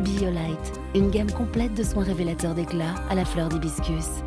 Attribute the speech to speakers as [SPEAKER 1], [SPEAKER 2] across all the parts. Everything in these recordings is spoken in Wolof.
[SPEAKER 1] Biolite, une gamme complète de soins révélateurs d'éclat à la fleur d'hibiscus.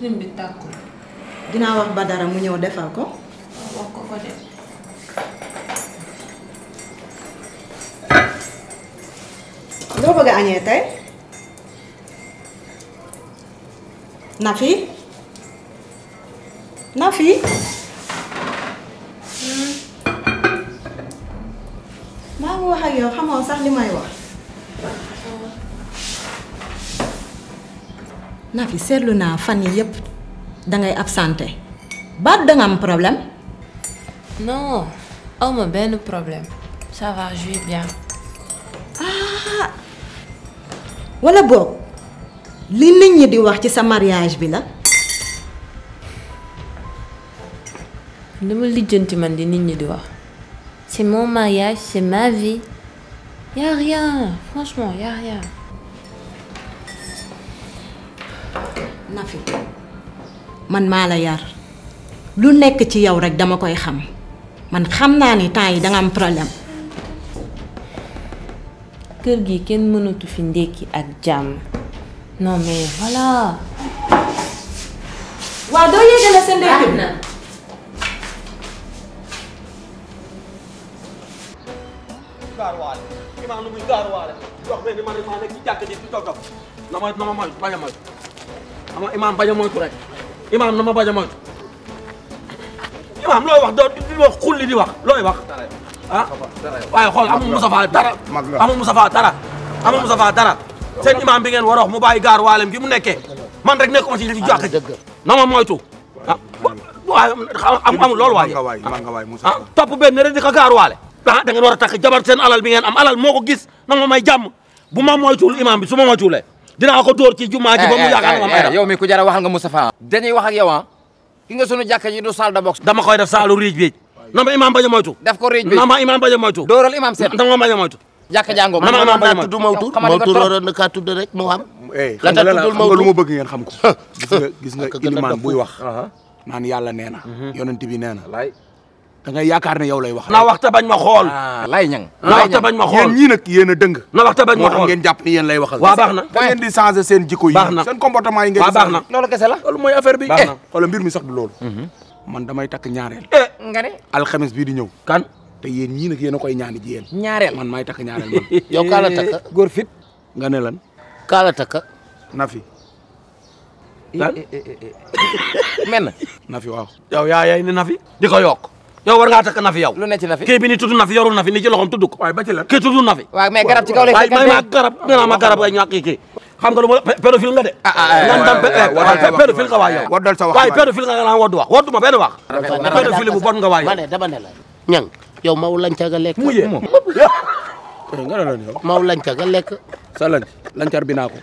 [SPEAKER 1] supreme bi tàkkul dina wax
[SPEAKER 2] Badara mu ñew defal ko
[SPEAKER 1] wax ko ko def
[SPEAKER 2] do bëgg a tay Nafi Nafi ma nga wax ak yow xamoo sax limay wax naa fi seetlu naa fan da ngay absenté.
[SPEAKER 1] Ba da nga am problème. non aw ma benn problème ça va je vais bien. ah wala bok. li nit ñi di wax ci sa mariage bi la. li ma man di nit ñi di wax. c'est mon mariage c'est ma vie y a rien franchement y a rien.
[SPEAKER 2] man maa la yar lu nekk ci yow rek dama koy xam man xam naa ni temps yi danga am problème.
[SPEAKER 1] kër gi kenn mënatu fi ndékki ak jàmm non mais voilà. waaw doo yéegale sa ndékki na.
[SPEAKER 3] gaarwaale imaam lu muy gaarwaale imam na ma bañ a moytu imaam looy wax doo di wax xulli di wax looy wax ah waaye xool amu Moustapha dara amu Moustapha dara amu Moustapha dara seen imam bi ngeen war a wax mu bàyyi gaar waalem gi mu nekkee man rek nekkuma ci li jàkka ji na ma moytu ah waaye amul loolu waaye ah topp benn rek di ko gaar waale ah da ngeen war a jabar sen alal bi ngeen am alal moo gis na ma may jàmm bu ma moytuwul imaam bi su ma moytuwulee dina ko dóor ci jumaa ji ba mu eh, eh, yaakaar eh, ma may yow mi ku jara waxal nga Moustapha dañuy wax yow ah ki nga sunu jàkka ji du salle de boxe dama koy def saalu riij bi na ma imaam bañ a moytu def ko riij bi na ma imaam bañ a moytu dóoral imaam seen na ma bañ a moytu jàkka jàngoo na ma imaam bañ a moytu ma tur ma tur waroon na kaa tudd rek mu xam
[SPEAKER 4] la ta tuddul ma lu ma bëgg ngeen xam ko gis nga gis nga ilimaan buy wax naan yàlla nee na mhm. yonent nee na da ngay yakar ne yow lay wax. na waxta bañ ma xol ah. lay ñang na waxta bañ ma xol yeen ñi nak yéen deung dëng. na waxta bañ ma xol ngeen japp ni yeen lay waxal. wa baxna na ngeen di changer seen jikko yi. seen comportement yi ngeen wa baxna lolu kessela lolu moy affaire bi. baax eh, eh. na mbir mi sax du lolu mhm. man damay takk ñaareel. Eh. nga ne. al khamis bi di ñew kan te yeen ñi nak yéen koy ñaan ji yéen. ñaareel man may tak ñaarel man. yow kala tak gor fit. nga ne lan. kala tak nafi lan.
[SPEAKER 3] men. nafi waaw. yow yaay ni nafi di ko yokk yow war ngaa takk Nafi yow. lu ne ci Nafi kii bi ni tudd Nafi yorul ni ci loxoom tudd ko. waaye la kii tudd Nafi.
[SPEAKER 1] waaw mais garab ci kaw lay fekkante ma
[SPEAKER 3] garab nga ma garab nga kii kii. xam nga lu ma pédophile nga de. ah ah ah pédophile nga waay yow. waddal sa wax nga naan waddu wax waddu ma
[SPEAKER 5] benn wax. pédophile bu bon nga waay yow. la
[SPEAKER 6] ñang yow maw lanca ga lekk. la yow.
[SPEAKER 4] maw lanca ga sa lanc lancar bi naa ko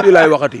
[SPEAKER 4] fii laay waxati.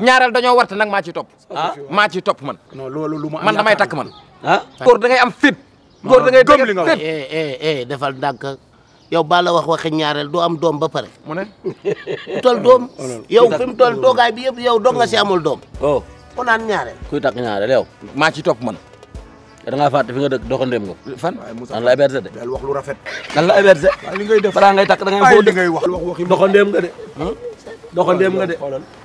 [SPEAKER 7] ñaareel dañoo warte nag maa ciy topp ah. Ah. maa ciy topp man non loolu lu ma man damay takk
[SPEAKER 3] man
[SPEAKER 6] ah da ngay am fit
[SPEAKER 7] góor da ngay gëm li nga wax
[SPEAKER 6] eh, eh eh defal ndànk yow baa la wax waxe ñaareel doo am doom ba pare mu ne tol doom oh, yow fi mu tol doogaay bi yëpp yow dong nga si amul doom o oh. ku naan ñaareel
[SPEAKER 3] kuy takk ñaareel yow maa ciy topp man da ngaa fàtte fi nga dëkk doxandéem nga fan an la hébergé de del wax lu rafet dan la hébergé li ngay def balaa ngay takk da ngay foo dëkk doxandéem nga de doxandéem nga de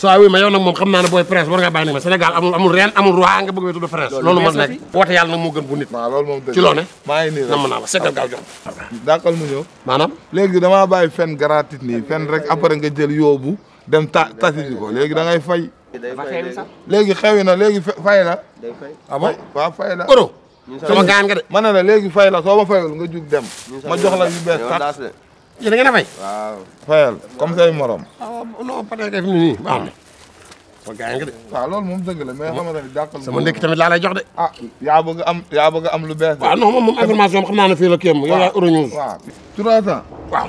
[SPEAKER 7] saa wuy ma yow nag moom xam naa ne booy prince nga bàyyi nag ma Sénégal amul reen amul roi nga bëgg a tudd prince loolu mën nekk woote yàlla nag moo gën bu nit waaw loolu moom maa ngi maanaam léegi damaa
[SPEAKER 8] bàyyi fen gratuite nii fen rek après nga jël yóbbu dem ta tasi ji ko léegi da ngay fay léegi xewi na léegi fay la ah bon waaw fay la euro sama gaan nga de ma ne la léegi fay la soo ma fayul nga jug dem ma jox la yu bees sax yéen a ngeen a fay. waaw fayal comme say morom.
[SPEAKER 7] ah non
[SPEAKER 8] fi mu nii baax na. ba gaañ nga de. waaw loolu moom dëgg la mais xam tamit jàppal. sama jox de. ah yaa bëgg am yaa bëgg am lu bees. waaw non moom information bi xam naa ne fii la kéem. waaw yow yaa Euronews. waaw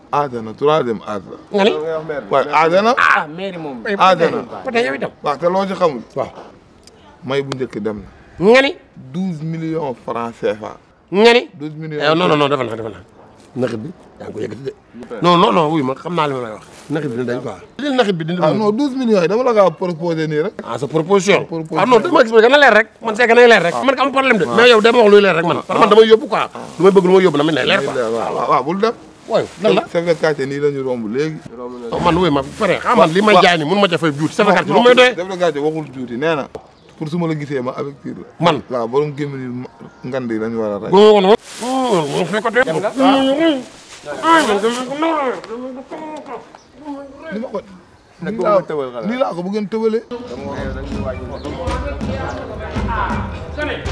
[SPEAKER 8] aadana turaa dem aadana. nga ni waaye aadana. ah mairie moom. aadana peut-être yow itam. waaw te loo ci xamul. waaw may bu njëkk dem na. nga ni. douze millions francs CFA.
[SPEAKER 7] nga ni. douze millions eh, non non non defal na defal na. naxit bi yaa ngi ko yëkkati de. non non non wuy ma xam naa li ma lay wax. naxit bi dañ ko ah.
[SPEAKER 8] li naxit bi dina. ah non douze millions yi dama la ko proposé nii rek. ah sa
[SPEAKER 7] proposition. ah non dama expliqué na leer rek. man c'est que nay leer rek. Ah. man ka am problème de. Ah. mais yow dama wax luy leer rek man. Ah. man damay yóbbu quoi. lu may bëgg lu may yóbbu na mi nay leer quoi.
[SPEAKER 8] waaw waaw bul dem. waaw nan la chef de quartier nii la romb léegi. Oh, man wuy
[SPEAKER 7] ma pare xam ah, man li ma jaay ni mun ma jafe juuti chef de quartier lu may doyee.
[SPEAKER 8] chef de quartier waxul na. pour su ma la gisee ma avec tiir la. man waaw borom gémmiñ ngand yi lañu war a rey. góor woon woon. moom fi ko tee. dem nga ah, ah. ni
[SPEAKER 7] ma ko.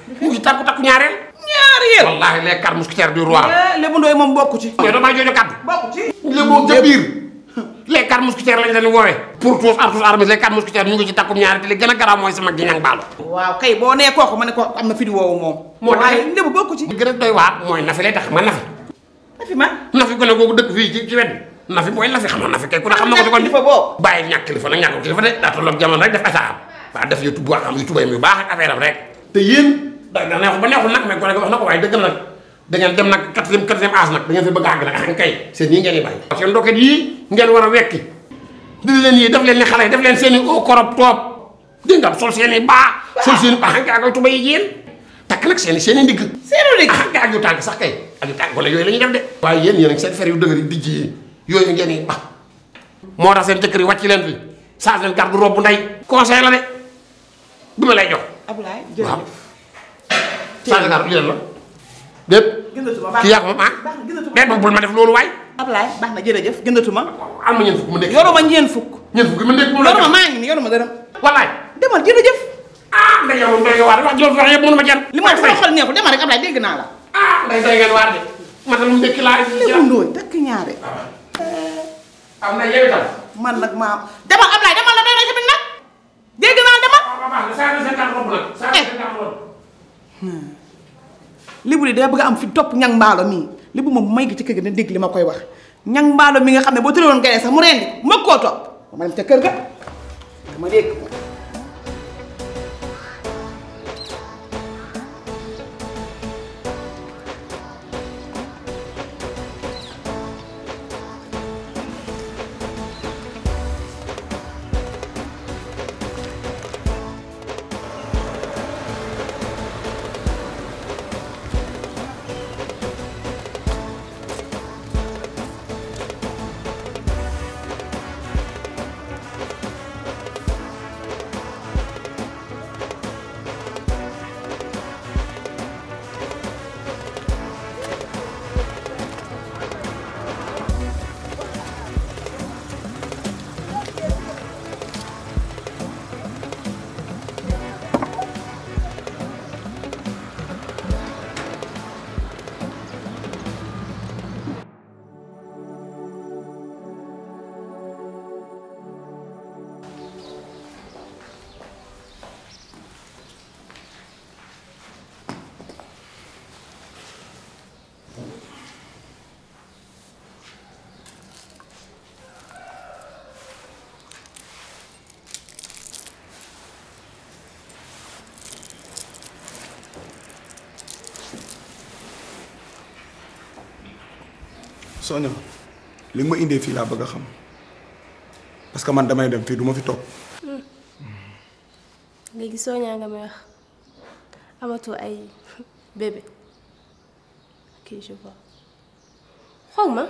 [SPEAKER 5] mujitar ko takku
[SPEAKER 7] ñaareel ñaareel wallahi les car mousquetaires du roi
[SPEAKER 5] lebu ndoy mom bokku ci
[SPEAKER 7] yow dama jojo kaddu
[SPEAKER 5] bokku ci lebu
[SPEAKER 7] ca biir les car mousquetaires lañ leen wowe pour tous am tous armés car mousquetaires ñu ngi ci takku ñaareel te gëna sama waaw
[SPEAKER 5] kay ko fi di woowu moom
[SPEAKER 7] moo tax lebu bokku ci gëna doy waar mooy nafi lay tax ma nafi nafi man nafi gëna googu dëkk fii ci ci wedd nafi mooy nafi xamoon nafi kay ku ne xam na ko ci kon kilifa de jamono rek def def youtube boo xam youtube yu baax ak affaire am rek te da aku neex ba neexul nag mais gone wax na ko waaye dëgg la nag da ngeen dem nag quatrième quatrième âge nag da ngeen fi bëgg di bàyyi seen di leen yi def leen ni xale def leen seen i au di nga sol seen i baa sol seen i baa nga koy tubay yéen takk nag seen i seen i ndigg seen i ndigg nga ak yu tànk sax kay ak yu tànk gone yooyu la ñuy def de waaye yéen yéen seen fer yu dëgër yi dijj yi yooyu lay jox Ablaye jërëjëf Sànqal lii la.
[SPEAKER 5] déet. gëndatuma
[SPEAKER 7] baax na ma bul ma def loolu waay.
[SPEAKER 5] Ablaye baax na jërëjëf gëndatuma. am na ñeent fukk mu nekk. yoruma ñeent fukk. ñeent fukk mu nekk mu nekk yoruma maa ngi nii yoruma dërëm. wallaay. demal jërëjëf. a ah, Ndeye yow Ndeye Waare wax jooju wax yëpp mënu ma jar. li ma sama xol neexul demal rek Ablaye dégg naa la.
[SPEAKER 1] ah Ndeye Ndeye
[SPEAKER 5] ngeen de. matal ah. na yow itam. man nag maa demal Ablaye demal la dégg naa demal. Ah, waaw waaw libu li day bëgg am fi top ñang mbalo mi li bu mom may gi ci kër gi na dégg li ma koy wax ñang mbalo mi nga xamné bo tudde won gay sax mu rénd mako top ma dem ci kër ga dama
[SPEAKER 6] dégg
[SPEAKER 4] soño li ma indee fii laa bëgg a xam parce que man damay dem fii du ma fi toog.
[SPEAKER 6] Hmm.
[SPEAKER 2] léegi soñaa nga may wax amatoo ay bébé kii je vois ma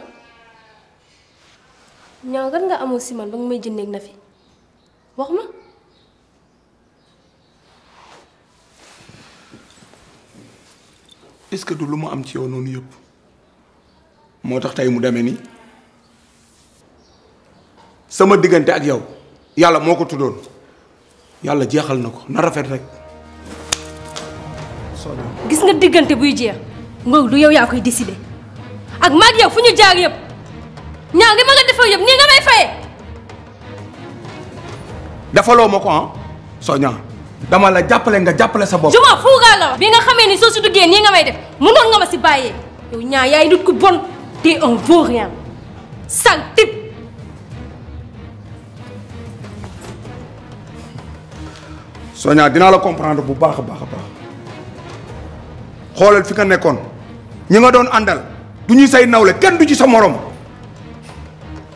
[SPEAKER 2] ñaaw gan nga amul si man ba nga may jëndeeg na fi wax ma.
[SPEAKER 4] est du lu mu am ci yow noonu yëpp. motax tay mu demé ni sama digënté ak yow yalla moko tudon yalla jéxal nako na rafet rek
[SPEAKER 2] gis nga digënté buy jéx mo lu yow ya koy décider ak maag yow fuñu jaar yépp ñaaw li ma nga defal yépp ni nga may fayé
[SPEAKER 4] defaloo ma ko ah soña dama la jappalé nga jappalé sa bop juma
[SPEAKER 2] m'en fous la bi nga xamé ni so su duggé ni nga may def mënon nga ma ci bayé yow ñaa yaay nit ku bonne T'es un vaurien. Sale type.
[SPEAKER 4] Sonia tu vas comprendre bu baax a baax a baax xoolal fi nga nekkoon ñi nga doon àndal du ñuy say nawle kenn du ci sa morom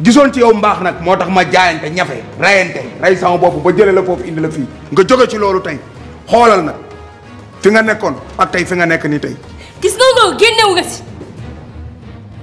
[SPEAKER 4] gisoon ci yow mbaax nag moo tax ma jaayante ñafe rayante ray sama bopp ba jële la foofu indi la fii nga jóge ci loolu tey xoolal nag fi nga nekkoon ak tey fi nga nekk nii tey.
[SPEAKER 2] gis nga ko génnewu nga si.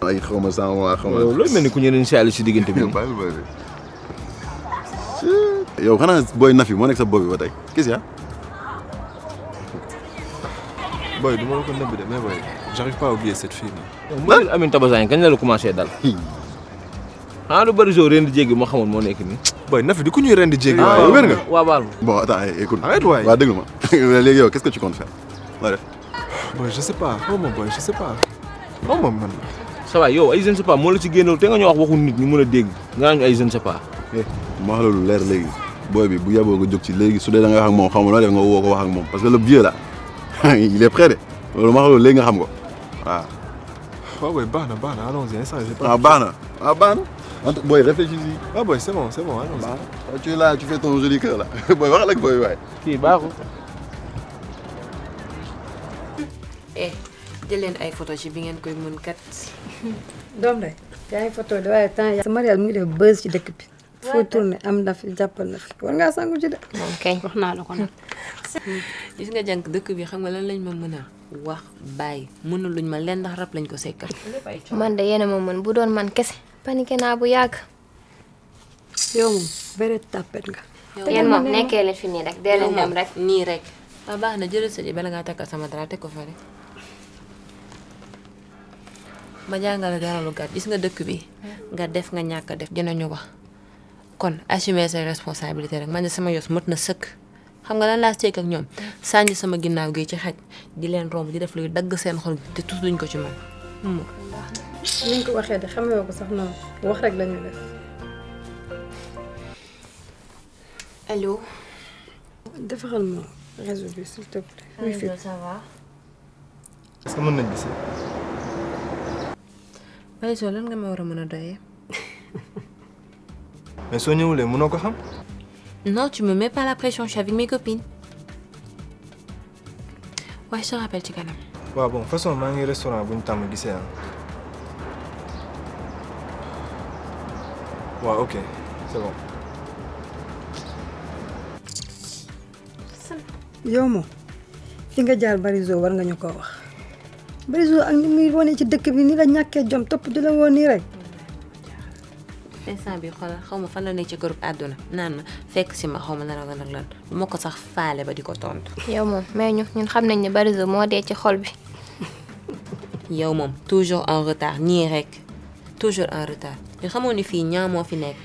[SPEAKER 8] ay xaw ma sama waa xaw ma. loolu mel ni ku ñu leen saali si diggante bi. yow xanaa boy Nafi mo nek sa boobu ba tay gis ya boy du ko nëbb de mais boy j'arrive pas à oublier cette fille là. mooy Amine Tabassane kañ la commencé dal. ah lu bari jo rend jéggi mo xamone mo nek ni boy Nafi du ku ñuy rend jéggi. wa ah, wér nga wa baal ma. bon attends eh, écoute. arrête waay waaw déglu ma léegi yow qu'est-ce que tu comptes faire. booy je sais pas Oh mon boy, je sais pas Oh mon man ça va yo. ay je ne pas moi, ci te nga ñu wax waxu nit je ne pas. Eh, bi bu pas, ci su pas, da nga wax pas, xam def nga parce que le vieux là il est prêt pas, nga xam ko oh, allons-y pas. ah bana, ah Boy.. réfléchis-y. ah Boy.. c'est bon c'est bon allons tu là tu fais ton joli cœur là voilà, boy.
[SPEAKER 1] eh. jël leen ay photo ci bi ngeen koy mën kat. doom rek yaay photo
[SPEAKER 2] de waaye temps yaa. sa marial mu ngi def buzz ci dëkk bi.
[SPEAKER 1] foo tourné am na fi jàppal na fi war nga sangu ci de. moom kay wax naa la ko nag. gis nga jànk dëkk bi xam nga lan lañ ma mën a wax bàyyi mënul luñ ma leen ndax rab lañ ko sekkal. man de yéen a ma mën bu doon man kese. paniqué naa bu yàgg.
[SPEAKER 2] yow moom bëreet tàppet nga. yéen moom nekkee
[SPEAKER 1] fi nii rek dee leen dem rek. nii rek. waaw ah, baax na jërëjëf bala ngaa takk sama dara teg ko fa rek. ma jàngale dara lu gis nga dëkk bi nga def nga ñàkk def dinañu wax kon assumer say responsabilité rek man ne sama yos mët na sëkk xam nga lan laa seek ak ñoom sànni sama ginnaaw gi ci xaj di leen romb di def luy dagg seen xol te tuus duñ ko ci man hmm.
[SPEAKER 2] ni ñu ko waxee de xamee ko sax noonu wax rek lañu def
[SPEAKER 1] allo defaral ma réseau bi s'il te plaît. oui
[SPEAKER 8] mën nañ gis
[SPEAKER 1] Baye Sow lan nga ma war a mën a doyee.
[SPEAKER 8] mais soo ñëwulee mënoo ko xam.
[SPEAKER 1] non tu me mets pas la pression je suis avec mes copines. Ouais, je te rappelle tu kanam.
[SPEAKER 8] waaw bon façon maa ngi e restaurant bu ñu tàmm gisee ah. waaw ok c'est bon.
[SPEAKER 2] yow moom fi nga jaar Barizo war nga ñu ko wax. Brésil ak ni muy wane ci dëkk bi nii la ñàkkee jom topp di la woon nii rek.
[SPEAKER 1] instant bi xoolal xaw ma fan la ne ci groupe àdduna naan ma fekk si ma xaw ma lan ak lan ko sax faale ba di ko tontu.
[SPEAKER 2] yow moom mais ñu ñun xam nañ ne Brésil moo dee ci xol bi.
[SPEAKER 1] yow moom toujours en retard ñii rek toujours en retard ñu xamoon ni fii ñaa moo fi nekk.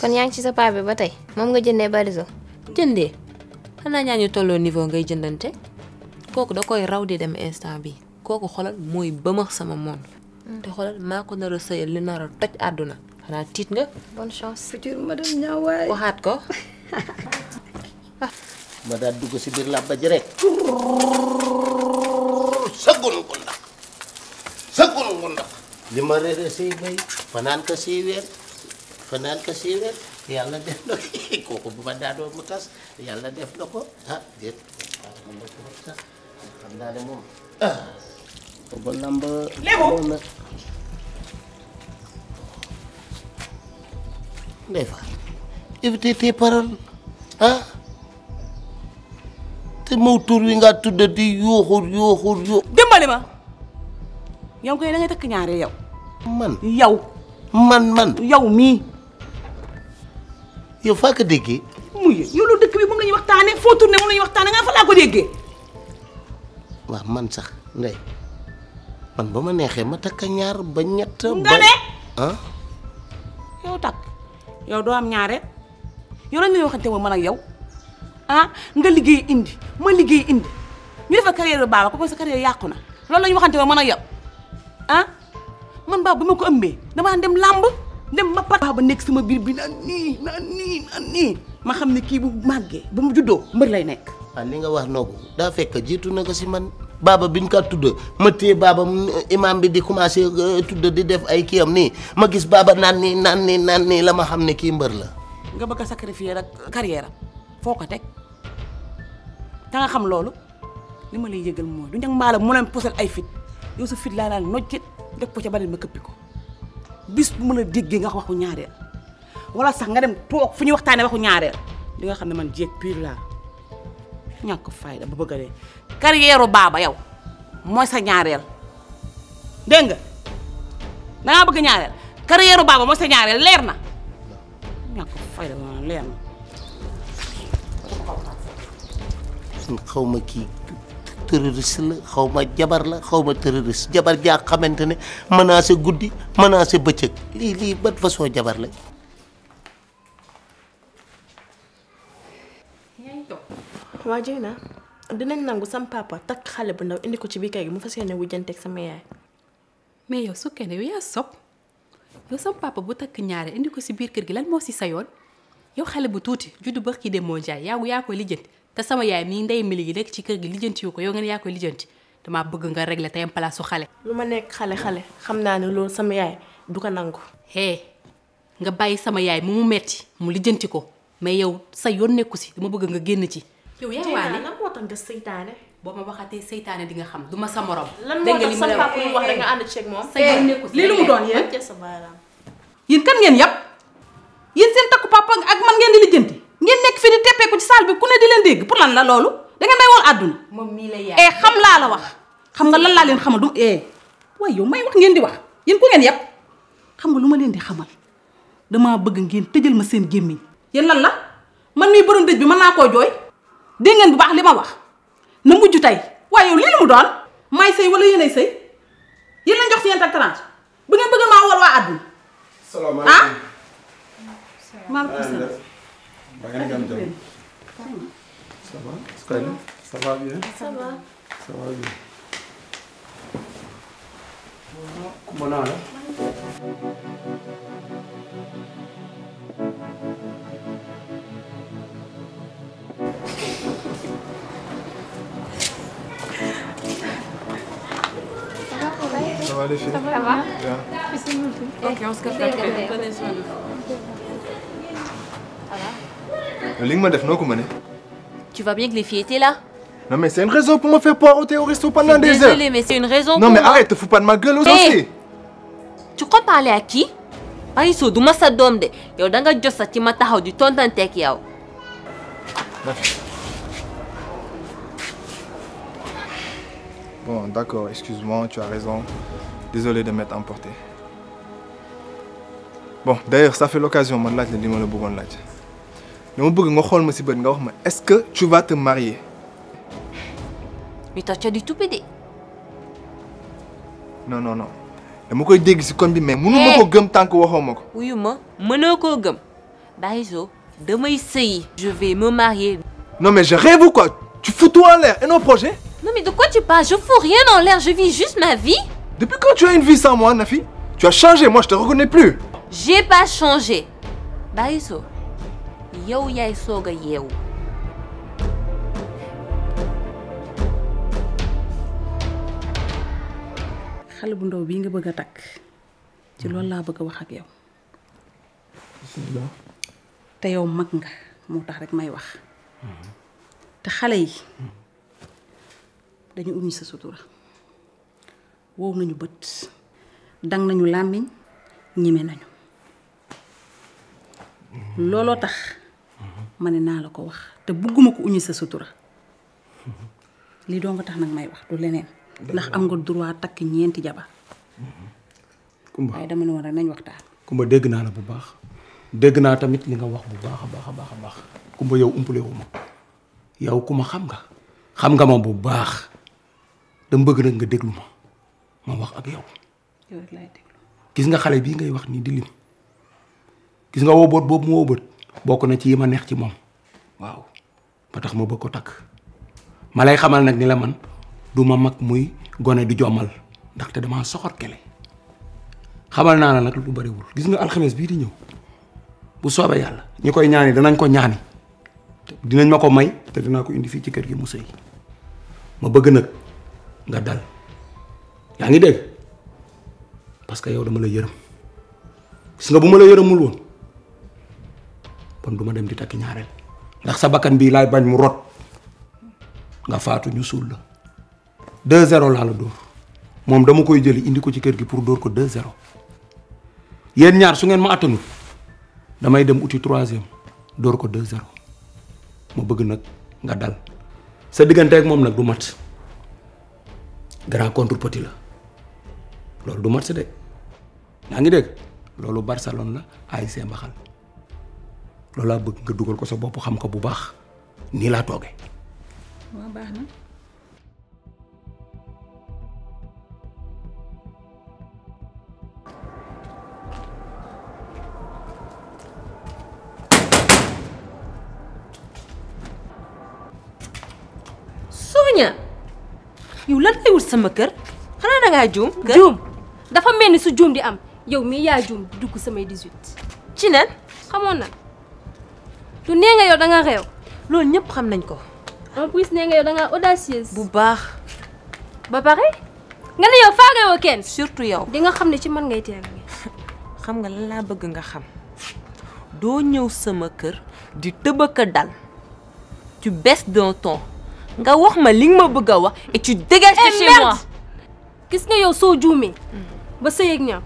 [SPEAKER 1] kon yaa ngi ci sa paa bi ba tey moom nga jëndee Brésil. jëndee xanaa ñaa ñu tolloo niveau ngay jëndante kooku da koy raw di dem instant bi koku xolal moy bama sama monde mm. te xolal mako na nar li nara a toj àdduna xanaa tiit nga bonne chance futur madame nyaway ko hat ah.
[SPEAKER 6] ko ma da dug ci bir làbba ji rek sagul ko ndax sagun ko ndax li ma re say bay fanan ko ci wer fanan ko ci wer yalla def na ko kooku bu ma daadoo mu tas yalla def na ko ha ah, déet xam naa ne ah Mobile number. Lébu. Ndeye Fall éviter ah te maw tur wi nga tudda di yooxur yooxur yoo. dimbali ma
[SPEAKER 5] yow kay da ngay takk ñaare yow.
[SPEAKER 6] man yow. man man yow mii. yow faa ko déggee.
[SPEAKER 5] muy yow loolu dëkk bi moom la ñuy waxtaanee foo tourné moom la ñuy waxtaanee nga fa laa ko déggee.
[SPEAKER 6] waaw man sax ndey. man bama nexé ma tak ñaar ba ñett ba ne ah
[SPEAKER 5] yow tak yow do am ñaareel yow la ñu waxante mo man ak yow ah nga liggéey indi ma liggéey indi ñu defal carrière baaba ko parce que carrière yàqu na loolu la ñu waxante mo man ak yow ah man baaba bima ma ko ëmbee damaa dem lamb dem ma pat ba nek sama bir bi nan ni nan ni nan ni ma xamni ki bu maggé bu mu juddo
[SPEAKER 6] mbeur lay nek ah li nga wax nogu da fekk jitu na ko ci man baba biñ ko tudd ma téye baba mm, imam bi di commencé euh, tudd di def ay kiyam ni ma gis baba nan ni nan ni nan ni lama ma ki mbeur la
[SPEAKER 5] nga bëgg sacrifier rek carrière foko tek ta nga xam lolu li ma lay yëgal mo du njang mala mu leen posal ay fit yow sa fit la laan nocc def ko ci balen ma këppi bis bu mën a nga waxu ñaarel wala sax nga dem tok fu ñuy waxtaane waxu ñaarel li nga xam man jéeg pire la ñak fayda ba bëgg a carrière baaba yow moy sa ñaarël dégg nga da nga bëgg ñaarël carrière baaba moy sa ñaarël na fayda ba leer na.
[SPEAKER 6] xaw ma terroriste la xawma jabar la xawma terroriste jabar ja xamantene menacer guddii menacer menacé li li ban façon jabar
[SPEAKER 5] la. waa Dieyna dinañ nangu sam papa takk xale bu ndaw indi ko ci biir kër gi mu fas yéene wujjanteeg sama yaay. mais yow su kenn yow sam papa bu takk ñaare indi ko si biir kër gi lan moo si sa yoon yow xale bu tuuti juddu ba kii de moo jaay yaa yaa koy lijjanti te sama yaay mi ndey mi gi nekk ci kër gi lijjantiwu ko yow ngeen yaa koy lijjanti damaa bëgg nga régler tayam place su xale. lu ma nekk xale xale xam naa ne loolu sama yaay du ko nangu. hee nga bàyyi sama yaay mu mu metti mu lijjanti ko mais yow sa yoon nekku si dama bëgg nga génn ci. yow yaa waane lan moo tax nga seytaane boo ma waxatee seytaane di nga xam du sa morom. lan moo tax sa papa wax eh, da nga ànd
[SPEAKER 1] ceeg moom. sa yoon eh, nekkul lii lu mu doon yéen.
[SPEAKER 5] yéen kan ngeen yab yéen seen takku papa ak man ngeen di lijjanti ngeen di ci bi ku ne di pour lan la da may wol la yaay eh, xam la wax. xam nga lan xamal du eh waaye yow may wax ngeen di wax yéen ku ngeen yab xam nga lu ma di xamal damaa bëgg ngeen tëjal ma seen gémmiñ lan la man borom bi dégg bu baax li ma wax na mujj tey waaye yow lii la mu doon maay sëy wala yéenay sëy yéen lañ jox si yéen ak bu ngeen bëgg maa wol waa àdduna. Ah? salaam.
[SPEAKER 4] ba ngeen am jàmm. ça va ça
[SPEAKER 1] Ça va les filles Ça va, Ok, on se capte après. Prenez soin de
[SPEAKER 8] vous. Ligne m'a défini comment
[SPEAKER 1] Tu vas bien que les filles étaient là
[SPEAKER 8] Non mais c'est une raison pour me faire peur au resto pendant des heures. Désolé,
[SPEAKER 1] mais c'est une raison Non pour mais moi. arrête,
[SPEAKER 8] te fous pas de ma gueule aussi..! Eh,
[SPEAKER 1] tu crois parler à qui Ay so ma sa dom de. Yow d'anga nga jossa ci ma temps di tontante ak yow.
[SPEAKER 8] Bon, d'accord, excuse-moi, tu as raison. Désolé de m'être emporté. Bon, d'ailleurs, ça fait l'occasion, te là, de dire le bougon là. Mais je veux que tu me est-ce que tu vas te marier
[SPEAKER 1] Mais toi, tu as du tout pédé.
[SPEAKER 8] Non, non, non. Je me suis dit c'est mais je ne peux pas tant que je
[SPEAKER 1] Oui, moi, je ne peux pas me Baizo, demain, je vais me marier.
[SPEAKER 8] Non, mais je rêve ou quoi Tu fous tout en l'air et nos projets
[SPEAKER 1] non mais de quoi tu parles Je fous rien en l'air, je vis juste ma vie.
[SPEAKER 8] Depuis quand tu as une vie sans moi, Nafi Tu as changé, moi je te reconnais plus.
[SPEAKER 1] J'ai pas changé. Baiso, yo yaiso ga yo.
[SPEAKER 5] xale bu ndaw bi nga bëgg a takk ci loolu laa bëgg a wax ak yow. te yow mag nga moo rek may wax. te xale yi. Hmm. dañu uñu sa sutura wow nañu bët dang nañu làmmiñ ñime nañu looloo tax ma ne naa la ko wax te bugguma ko uñu sa sutura lii doo nga tax nag may wax du leneen ndax am nga droit takk ñeenti jabar kumba waaye dama ne woon rek nañ waxtaan
[SPEAKER 4] kumba dégg naa la bu baax dégg naa tamit li nga wax bu
[SPEAKER 5] baax a baax a baax a baax
[SPEAKER 4] kumba yow umpale wu yow ku xam nga xam nga ma bu baax dama bëgg nag nga déglu ma ma wax ak yow. gis nga xale bii ngay wax nii di lim gis nga wóoboot boobu mu wóoboot bokk na ci yi ma neex ci moom waaw ba tax ma bëgg ko takk ma lay xamal nag ni la man du ma mag muy gone di jommal ndaxte dama soxor kele xamal naa la nag lu bariwul gis nga alxames bii di ñëw bu soobee yàlla ñi koy ñaani danañ ko ñaani dinañ ma ko may te dinaa ko indi fii ci kër gi mu sëy ma bëgg nag. Ya, nga dal yaa ngi dégg parce que yow dama la yërëm gis nga bu ma la yërëmul woon kon bilai dem di takki ñaareel ndax sa bakkan bii laay bañ mu rot nga faatu ñu sul la 2 0 laa la dóor moom dama koy jëli indi ko ci kër gi pour dóor ko 2 0 yéen ñaar su ngeen ma attanu damay dem uti troisième dóor ko 2 0 ma bëgg nag nga dal sa digganteeg moom nag du mat grand contre petit la loolu du match de yaa ngi dégg loolu Barcelone la ASC Mbaxal loolu laa bëgg nga dugal ko sa bopp xam ko bu baax nii laa toogee.
[SPEAKER 5] waaw baax na.
[SPEAKER 1] Sonia. yow lan ngay sama kër xanaa dangaa juum. juum
[SPEAKER 2] dafa mel ni su juum di am yow mii yaa juum dugg samay 18. ci nen xamoon na du nee nga yow da nga réew. loolu ñëpp xam nañ ko. en plus nee nga yow da nga bu baax. ba pare nga ne yow faa
[SPEAKER 1] réewoo kenn. surtout yow di nga xam ne ci man ngay teel xam nga lan laa bëgg nga xam doo ñëw sama kër di tëbëk dal tu baisses d'un ton. nga wax ma li ma bëgg wax et eh, tu dégages eh, de chez moi gis nga
[SPEAKER 2] yow soo juumee hmm. ba sey ak ñam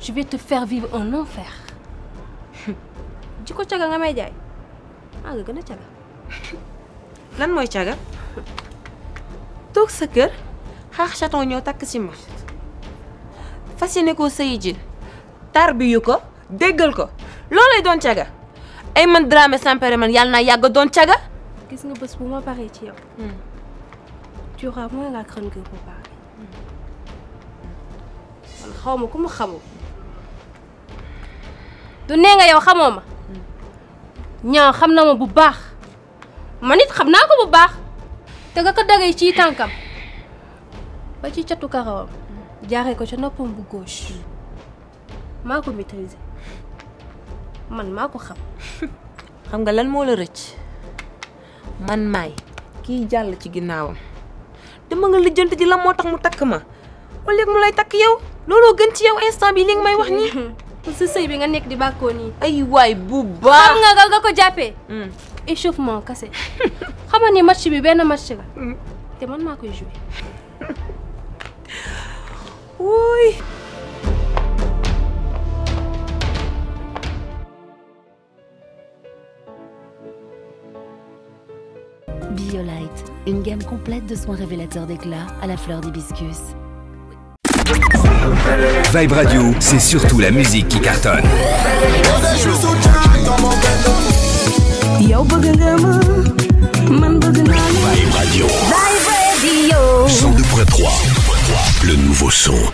[SPEAKER 2] je vais te faire vivre un enfer jiko caga nga may jaay ma nga gën a
[SPEAKER 1] lan moy caga tok sa kër xaax chaton ñoo tak ci ma fas yéene koo sëyi jil yu ko déggal ko lolay e don caga ay man sans sampere man yàlla naa don doon
[SPEAKER 2] gis nga bés bu ma paree ci yow.
[SPEAKER 1] Hmm. tu
[SPEAKER 2] auras moins la crainte que papa bi. Hmm. man xaw ma ku ma xamul. du nee nga yow xamoo ma. Hmm. ñaaw xam na ma bu baax. man it xam naa ko bu baax. te nga ko dagay ci tànkam. ba ci catu karawam. jaaree ko ca noppam bu gauche. maa ko maîtriser
[SPEAKER 1] man maa ko xam. xam nga lan moo la rëcc. man maay ki jàll ci ginnaawam dama nga lijjant ji la moo tax mu takk ma wala mu lay takk yow looloo gën ci yow instant bi li nga may wax nii. sa sëy bi nga nekk
[SPEAKER 2] di bàkkoo nii. ay waay bu baax xam nga nga ko jàppee. Hmm. échauffement kase xam nga ni match bi benn match la. Hmm. te man maa koy wuuy.
[SPEAKER 1] BioLite, une gamme complète de soins révélateurs d'éclat à la fleur d'hibiscus.
[SPEAKER 4] Vibe Radio, c'est surtout la musique qui cartonne. Vibe
[SPEAKER 7] Radio. Vibe Radio.
[SPEAKER 6] le nouveau son.